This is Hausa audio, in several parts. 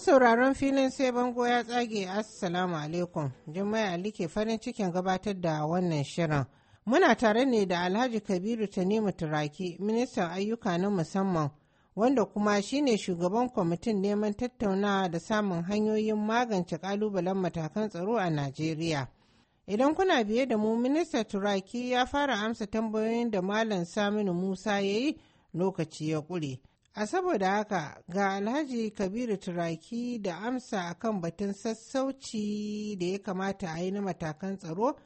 sauraron filin sai bango ya tsage Assalamu alaikum. Jummai Ali farin cikin gabatar da wannan shirin. Muna tare ne da Alhaji Kabiru Tanimu Turaki, ministan ayyuka na musamman, wanda kuma shine shugaban kwamitin neman tattaunawa da samun hanyoyin magance kalubalen matakan tsaro a Najeriya. Idan kuna biye da mu, minista Turaki ya fara amsa tambayoyin da Malam Saminu Musa ya yi lokaci ya ƙure. A saboda haka ga Alhaji Kabiru Turaki da amsa akan batun sassauci da ya kamata a yi na matakan tsaro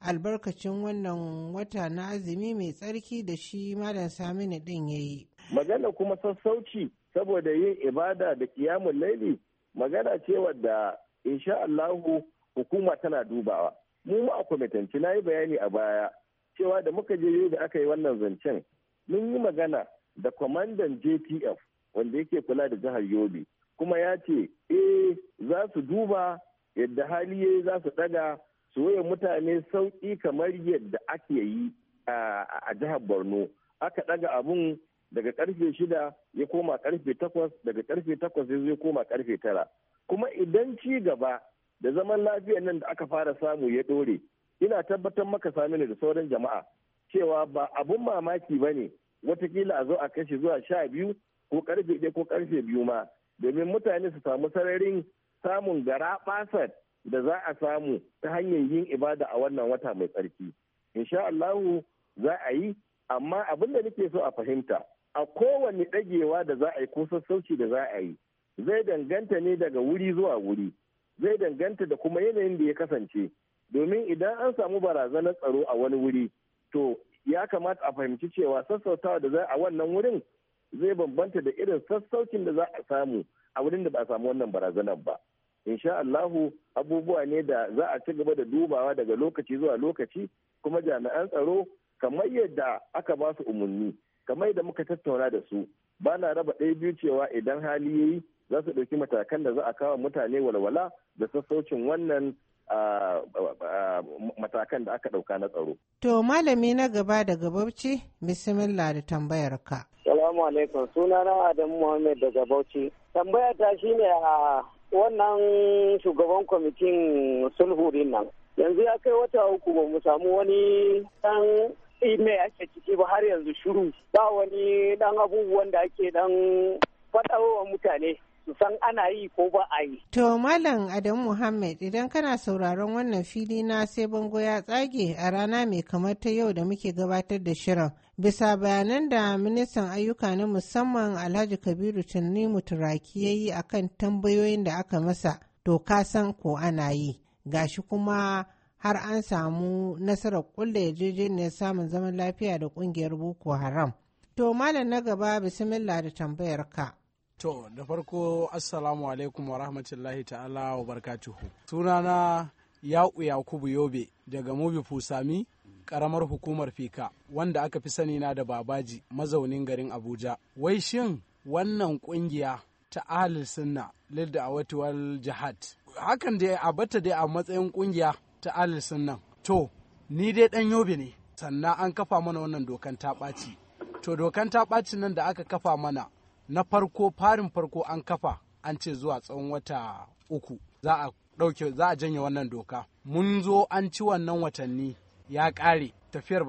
albarkacin wannan wata na azumi mai tsarki da shi Malam Saminu din ya yi. Magana kuma sassauci saboda yin ibada da kiyamun laili magana ce wadda insha Allahu hukuma tana dubawa. Mu a kwamitanci na yi bayani a baya cewa da muka je da aka yi wannan zancen mun yi magana da kwamandan jpf wanda yake kula da jihar yobe kuma ya ce eh za su duba yadda hali ya za su daga su waye mutane sauƙi kamar yadda ake yi a jihar borno aka daga abun daga karfe shida ya koma karfe takwas daga karfe takwas ya zai koma karfe tara kuma idan ci gaba da zaman lafiyar nan da aka fara samu ya dore ina tabbatar maka saminu da sauran jama'a cewa ba abun mamaki ba ne watakila a zo a kashe zuwa sha biyu ko karfe ɗaya ko karfe biyu ma domin mutane su samu sararin samun gara da za a samu ta hanyar yin ibada a wannan wata mai tsarki insha Allahu za a yi amma abin da nake so a fahimta a kowane ɗagewa da za a yi ko sassauci da za a yi zai danganta ne daga wuri zuwa wuri zai danganta da kuma yanayin da ya kasance domin idan an samu barazanar tsaro a wani wuri to ya kamata a fahimci cewa sassautawa da za a wannan wurin zai bambanta da irin sassaucin da za a samu a wurin da ba a samu wannan barazanar ba insha Allahu abubuwa ne da za a ci gaba da dubawa daga lokaci zuwa lokaci kuma jami'an tsaro kamar yadda aka ba su umarni kamar yadda muka tattauna da su ba na raba ɗaya biyu cewa idan hali ya yi za su ɗauki matakan da za a kawo mutane walwala da sassaucin wannan matakan da aka ɗauka na tsaro. To malami na gaba daga Bauchi, bismillah da tambayarka. ka. Salamu alaikum, suna sunana Adamu Muhammad daga Bauchi. Tambaya ta shi ne a wannan shugaban kwamitin sulhurin nan. Yanzu ya kai wata uku ba mu samu wani ɗan ime ake ciki ba har yanzu shiru. Ba wani ɗan abubuwan da ake dan faɗawa mutane. su san ana yi ko ba a yi. To Malam Adamu Muhammad idan kana sauraron wannan fili na sai bango ya tsage a rana mai kamar ta yau da muke gabatar da shirin. Bisa bayanan da ministan ayyuka na musamman Alhaji Kabiru Tunni Muturaki ya yi akan tambayoyin da aka masa to ka san ko ana yi. Gashi kuma har an samu nasarar kulle yarjejeniyar samun zaman lafiya da kungiyar Boko Haram. To malam na gaba bismillah da tambayar ka. To, da farko Assalamu alaikum wa rahmatullahi ta'ala wa barkatuhu. Sunana Ya'u Yakubu Yobe daga Mubi Fusami, karamar hukumar Fika, wanda aka fi sani na da Babaji, mazaunin garin Abuja. Wai shin wannan ƙungiya ta Ahlul Sunna lidda a wal jihad. Hakan dai a bata dai a matsayin ƙungiya ta Ahlul Sunna. To, ni dai ɗan Yobe ne, sannan an kafa mana wannan dokan ta ɓaci. To, dokan ta ɓaci nan da aka kafa mana na farko farin farko an kafa an ce zuwa tsawon wata uku za a ɗauke za a janye wannan doka mun zo an ci wannan watanni ya ƙare tafiyar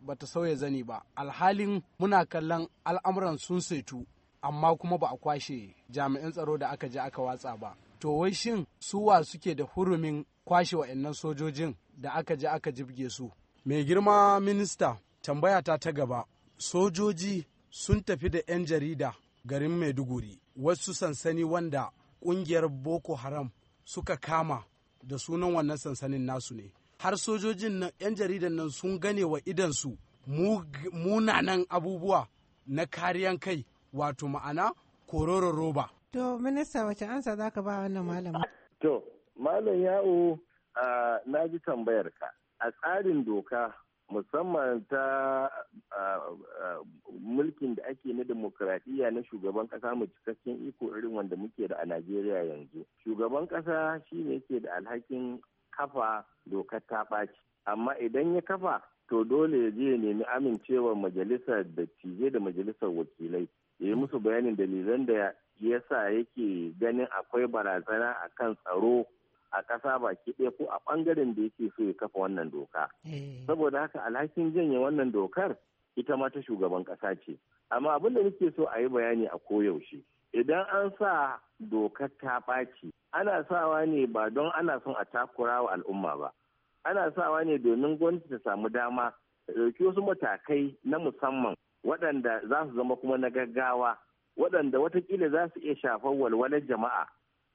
bata sauya zani ba alhalin muna kallon al'amuran sun saitu amma kuma ba a kwashe jami'an tsaro da aka je aka watsa ba to wai shin suwa suke da hurumin kwashe wa'annan sojojin da aka je aka jibge su mai girma minista tambaya ta ta gaba sojoji sun tafi da 'yan jarida garin maiduguri wasu sansani wanda ƙungiyar boko haram suka kama da sunan wannan sansanin nasu ne har sojojin nan 'yan jaridan nan sun gane wa idansu munanan abubuwa na kariyan kai wato ma'ana kororo roba. To, minista wace ansa za ba wannan malama? To, malam yawo ah, na ji tambayar ka. A tsarin doka musamman ta mulkin da ake na demokradiyya na shugaban ƙasa mu cikakken iko irin wanda muke da a Najeriya yanzu. Shugaban kasa shi ne yake da alhakin kafa dokar ta ɓaci. Amma idan ya kafa to dole ya je nemi amincewar majalisar da cije da majalisar wakilai. Ya yi musu bayanin dalilan da ya sa yake ganin akwai barazana akan tsaro a ƙasa baki ɗaya ko a ɓangaren da yake so ya kafa wannan doka. Eh. Saboda haka alhakin janye wannan dokar ita ma ta shugaban ƙasa ce. Amma abin da nake so a yi bayani a koyaushe. Idan an sa dokar ta ɓaci, ana sawa ne ba don ana son a takura wa al'umma ba. Ana sawa ne domin gwamnati ta samu dama ta ɗauki wasu matakai na musamman waɗanda za su zama kuma na gaggawa waɗanda watakila za su iya shafar walwalar jama'a.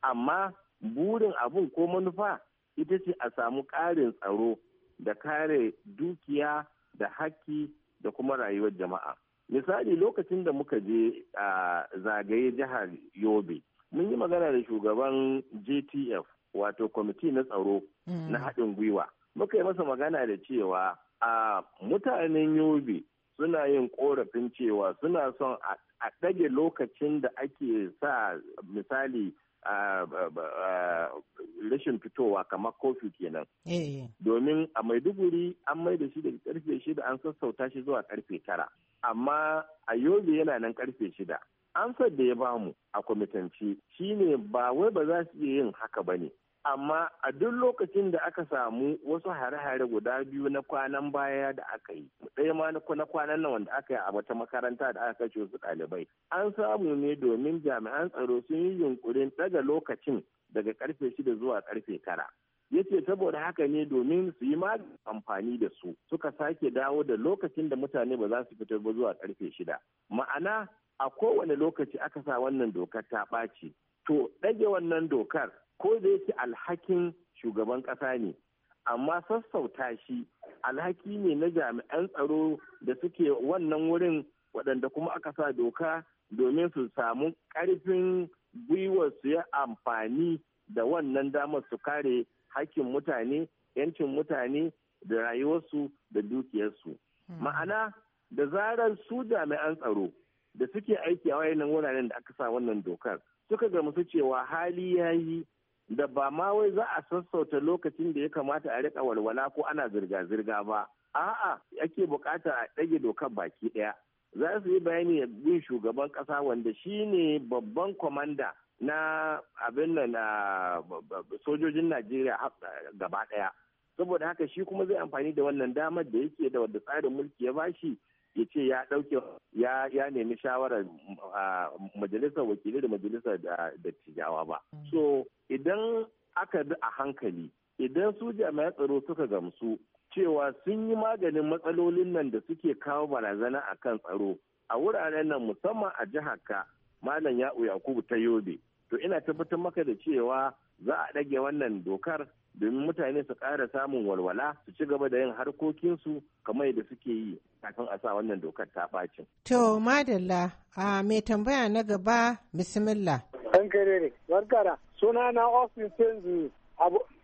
Amma burin abun ko manufa ita ce a samu ƙarin tsaro da kare dukiya da haƙƙi da kuma rayuwar jama'a misali lokacin da muka je a zagaye jihar yobe mun yi magana da shugaban jtf wato kwamiti na tsaro mm. na haɗin gwiwa muka yi masa magana da cewa a mutanen yobe suna yin korafin cewa suna son a ɗage lokacin da ake sa misali rashin fitowa kamar kofi kenan. Eh, eh. Domin a Maiduguri an mai da shi da karfe shida an sassauta shi zuwa karfe tara. Amma a Yobe yana nan karfe shida. Ansar da ya bamu a kwamitanci shine ba wai ba za su iya yin haka ba ne. amma a duk lokacin da aka samu wasu hare-hare guda biyu na kwanan baya da aka yi ɗaya ma na kwanan nan wanda aka yi a wata makaranta da aka kashe su ɗalibai an samu ne domin jami'an tsaro sun yi yunkurin ɗaga lokacin daga karfe shida zuwa karfe tara ya ce saboda haka ne domin su yi ma amfani da su suka sake dawo da lokacin da mutane ba za su fitar ba zuwa karfe shida ma'ana a kowane lokaci aka sa wannan dokar ta ɓaci to ɗage wannan dokar ko da yake alhakin shugaban ƙasa ne amma sassauta shi alhaki ne na jami'an tsaro da suke wannan wurin waɗanda kuma aka sa doka domin su samu ƙarfin gwiwar su ya amfani da wannan damar su kare hakkin mutane yancin mutane da rayuwarsu da dukiyarsu hmm. ma'ana da zarar su jami'an tsaro da suke aiki a wayannan wuraren da aka sa wannan dokar suka gamsu cewa hali ya yi da ba ma wai za a sassauta lokacin da ya kamata a riƙa walwala ko ana zirga-zirga ba a'a ake bukatar a ɗage dokar baki ɗaya za su yi bayani bin shugaban ƙasa wanda shi ne babban kwamanda na abin da na sojojin najeriya eh, gaba ɗaya saboda haka shi kuma zai amfani da wannan damar da yake da wadda tsarin mulki ya bashi ya ce ya ɗauke ya nemi shawarar ah, majalisar wakilai da majalisar ah, da tijawa ba mm. so idan aka bi a hankali idan su jami'an tsaro suka gamsu cewa sun yi maganin matsalolin nan da suke kawo barazana a kan tsaro a wuraren nan musamman a jihar ka malam ya'u yakubu ta yobe to ina tabbatar maka da cewa za a ɗage wannan dokar domin mutane su ƙara samun walwala su ci gaba da yin harkokinsu kamar yadda suke yi kafin a sa wannan dokar ta ɓacin. To madalla a mai tambaya na gaba bismillah. Ɗan kare ne, suna na austin tenzu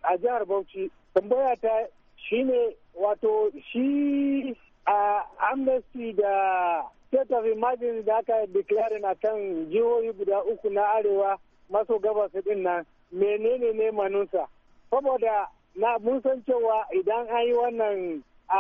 a jihar bauchi tambaya ta shine wato shi a amnesty da state of emergency da aka declare na kan jihohi guda uku na arewa maso gabas din nan menene ne manunsa saboda na mun san cewa idan an yi wannan a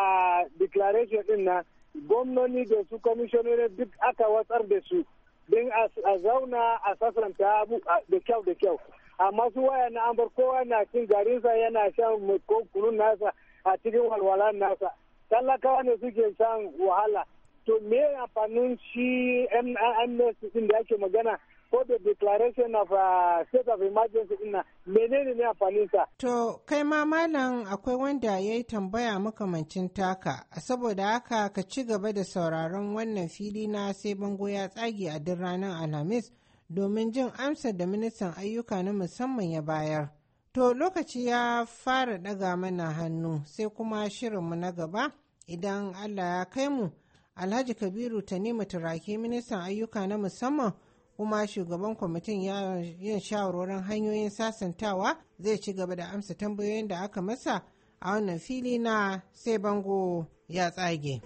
declaration din nan gwamnoni da su kwamishinoni duk aka watsar da su din a zauna a sasanta da kyau da kyau amma su waya na an bar kowa na cin garinsa yana shan ko kunun nasa a cikin walwala nasa talakawa ne suke shan wahala to me amfanin shi mms din da ake magana ko da declaration of uh, state of emergency din menene ne amfanin sa to kai ma malam akwai wanda yayi yi tambaya makamancin taka saboda haka ka ci gaba da sauraron wannan fili na sai bango ya tsage a duk ranar alhamis domin jin amsa da ministan ayyuka na musamman ya bayar. To lokaci ya fara ɗaga mana hannu sai kuma shirinmu na gaba idan Allah ya kai mu Alhaji Kabiru ta nema Turaki ministan ayyuka na musamman kuma shugaban kwamitin yin shawarwarin hanyoyin sasantawa zai ci gaba da amsa tambayoyin da aka masa a wannan fili na sai bango ya tsage.